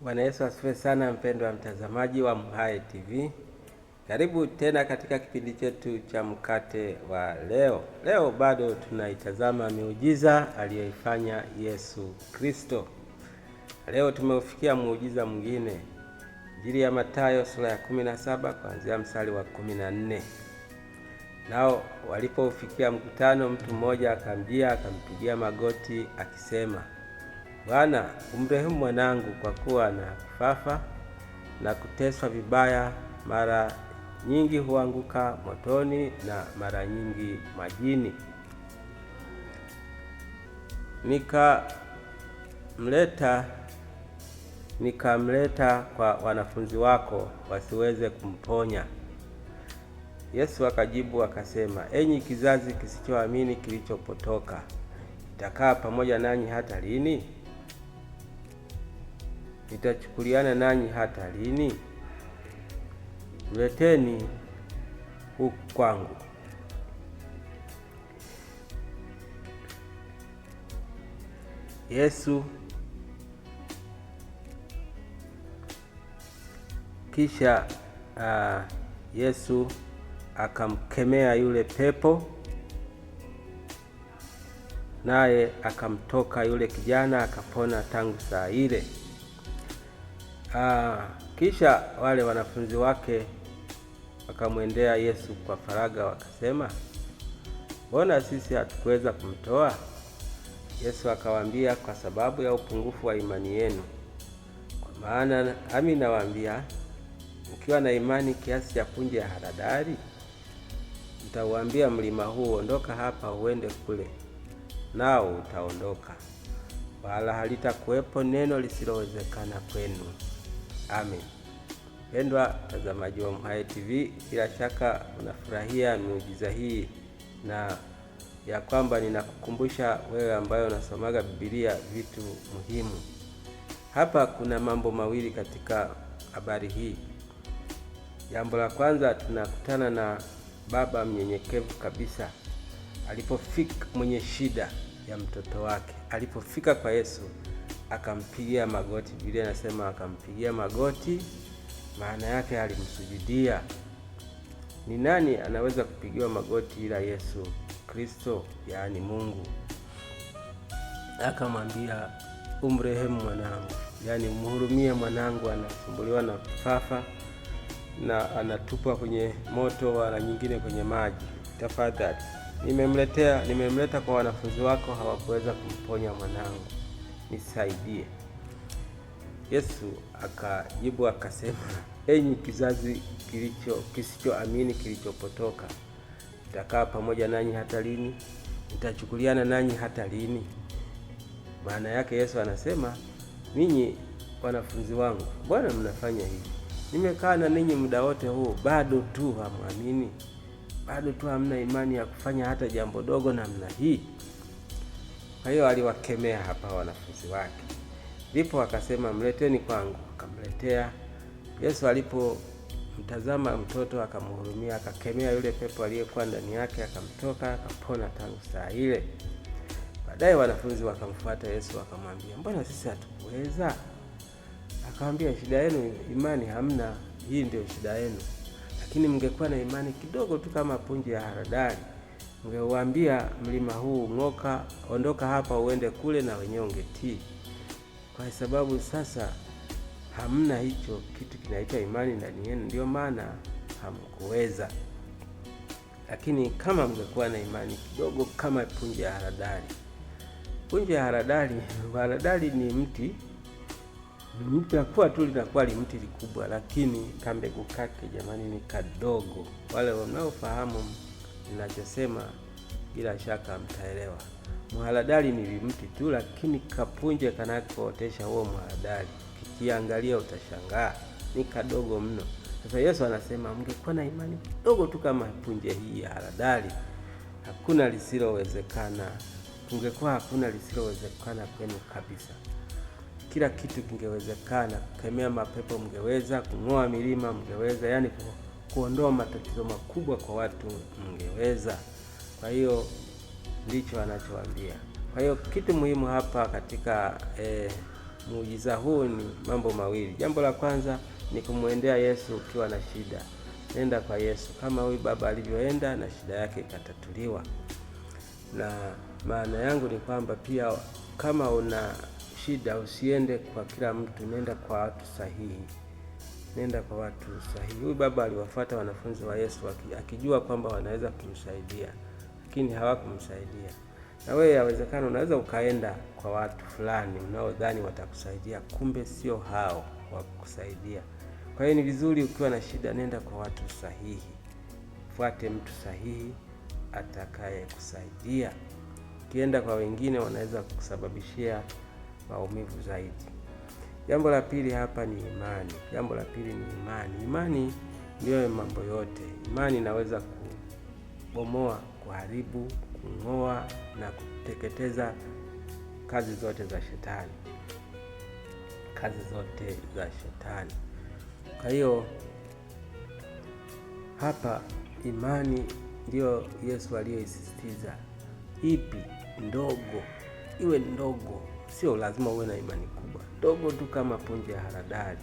Bwana Yesu asifiwe sana, mpendwa mtazamaji wa MHAE TV, karibu tena katika kipindi chetu cha mkate wa leo. Leo bado tunaitazama miujiza aliyoifanya Yesu Kristo. Leo tumeufikia muujiza mwingine, Injili ya Mathayo sura ya 17 kuanzia mstari wa 14. Nao walipoufikia mkutano, mtu mmoja akamjia akampigia magoti akisema Bwana, umrehemu mwanangu kwa kuwa na kufafa na kuteswa vibaya, mara nyingi huanguka motoni na mara nyingi majini. Nikamleta nikamleta kwa wanafunzi wako wasiweze kumponya. Yesu akajibu akasema, enyi kizazi kisichoamini kilichopotoka, itakaa pamoja nanyi hata lini? nitachukuliana nanyi hata lini? Leteni huku kwangu. Yesu kisha uh, Yesu akamkemea yule pepo, naye akamtoka yule kijana akapona tangu saa ile. Ah, kisha wale wanafunzi wake wakamwendea Yesu kwa faraga wakasema, mbona sisi hatukuweza kumtoa? Yesu akawaambia, kwa sababu ya upungufu wa imani yenu. Kwa maana ami nawaambia, mkiwa na imani kiasi cha punje ya haradali, mtauambia mlima huu, ondoka hapa uende kule, nao utaondoka, wala halitakuwepo neno lisilowezekana kwenu. Amen. Pendwa mtazamaji wa MHAE TV, bila shaka unafurahia miujiza hii na ya kwamba ninakukumbusha wewe ambayo unasomaga Biblia vitu muhimu. Hapa kuna mambo mawili katika habari hii. Jambo la kwanza, tunakutana na baba mnyenyekevu kabisa alipofika, mwenye shida ya mtoto wake alipofika kwa Yesu akampigia magoti. Biblia anasema akampigia magoti, maana yake alimsujudia. Ni nani anaweza kupigiwa magoti ila Yesu Kristo, yaani Mungu? Akamwambia, umrehemu mwanangu, yaani umhurumie mwanangu, anasumbuliwa na kifafa na anatupwa kwenye moto, wala nyingine kwenye maji. Tafadhali, nimemletea nimemleta kwa wanafunzi wako, hawakuweza kumponya mwanangu nisaidie. Yesu akajibu akasema, enyi kizazi kilicho kisichoamini kilichopotoka, nitakaa pamoja nanyi hata lini? Nitachukuliana nanyi hata lini? Maana yake Yesu anasema, ninyi wanafunzi wangu, mbona mnafanya hivi? Nimekaa na ninyi muda wote huu, bado tu hamwamini? Bado tu hamna imani ya kufanya hata jambo dogo namna hii? Kwa hiyo aliwakemea hapa wanafunzi wake, ndipo akasema mleteni kwangu, akamletea. Yesu alipomtazama mtoto akamhurumia, akakemea yule pepo aliyekuwa ndani yake, akamtoka, akapona tangu saa ile. Baadaye wanafunzi wakamfuata Yesu wakamwambia, mbona sisi hatukuweza? Akamwambia, shida yenu imani hamna, hii ndio shida yenu, lakini mngekuwa na imani kidogo tu kama punje ya haradali ungeuambia mlima huu ng'oka, ondoka hapa uende kule, na wenyewe ungetii, kwa sababu sasa hamna hicho kitu kinaitwa imani ndani yenu, ndio maana hamkuweza. Lakini kama mngekuwa na imani kidogo, kama punje ya haradali. Punje ya haradali, haradali ni mti mtakuwa tu linakuwa limti likubwa, lakini kambegu kake jamani ni kadogo. Wale wanaofahamu ninachosema bila shaka mtaelewa. Mharadali ni vimti tu, lakini kapunje kanakootesha huo mharadali kikiangalia utashangaa ni kadogo mno. Sasa Yesu anasema mngekuwa na imani kidogo tu kama punje hii ya haradali, hakuna lisilowezekana, kungekuwa hakuna lisilowezekana kwenu kabisa. Kila kitu kingewezekana. Kukemea mapepo mngeweza, kung'oa milima mngeweza, yani kuondoa matatizo makubwa kwa watu mngeweza. Kwa hiyo ndicho anachowambia Kwa hiyo kitu muhimu hapa katika e, muujiza huu ni mambo mawili. Jambo la kwanza ni kumwendea Yesu ukiwa na shida, nenda kwa Yesu kama huyu baba alivyoenda na shida yake ikatatuliwa. Na maana yangu ni kwamba pia kama una shida usiende kwa kila mtu, nenda kwa watu sahihi nenda kwa watu sahihi. Huyu baba aliwafuata wanafunzi wa Yesu akijua kwamba wanaweza kumsaidia, lakini hawakumsaidia. Na wewe yawezekana unaweza ukaenda kwa watu fulani unaodhani watakusaidia, kumbe sio hao wakusaidia. Kwa hiyo ni vizuri ukiwa na shida, nenda kwa watu sahihi, fuate mtu sahihi atakayekusaidia. Ukienda kwa wengine, wanaweza kukusababishia maumivu zaidi. Jambo la pili hapa ni imani. Jambo la pili ni imani. Imani ndiyo mambo yote. Imani inaweza kubomoa, kuharibu, kung'oa na kuteketeza kazi zote za shetani, kazi zote za shetani. Kwa hiyo hapa imani ndiyo Yesu aliyosisitiza, ipi ndogo, iwe ndogo sio lazima uwe na imani kubwa, ndogo tu kama punje ya haradali,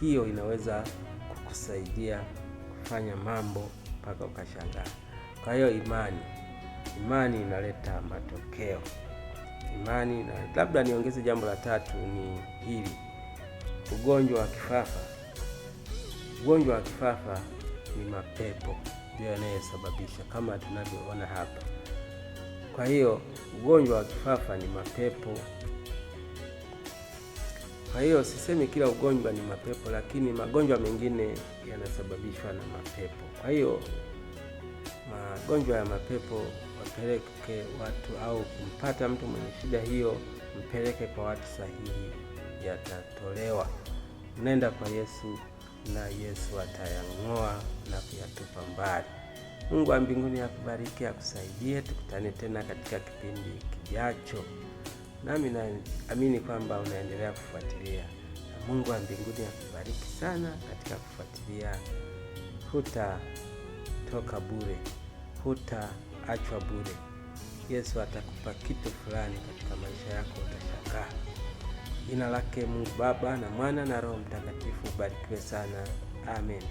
hiyo inaweza kukusaidia kufanya mambo mpaka ukashangaa. Kwa hiyo imani, imani inaleta matokeo, imani na labda niongeze jambo la tatu ni hili, ugonjwa wa kifafa. Ugonjwa wa kifafa ni mapepo ndio yanayosababisha, kama tunavyoona hapa kwa hiyo ugonjwa wa kifafa ni mapepo. Kwa hiyo sisemi kila ugonjwa ni mapepo, lakini magonjwa mengine yanasababishwa na mapepo. Kwa hiyo magonjwa ya mapepo wapeleke watu au kumpata mtu mwenye shida hiyo, mpeleke kwa watu sahihi, yatatolewa. Nenda kwa Yesu na Yesu atayang'oa na kuyatupa mbali. Mungu wa mbinguni akubariki, akusaidie. Tukutane tena katika kipindi kijacho, nami naamini kwamba unaendelea kufuatilia, na Mungu wa mbinguni akubariki sana katika kufuatilia. Hutatoka bure, hutaachwa bure. Yesu atakupa kitu fulani katika maisha yako, utashangaa. Jina lake Mungu Baba na Mwana na Roho Mtakatifu ubarikiwe sana. Amen.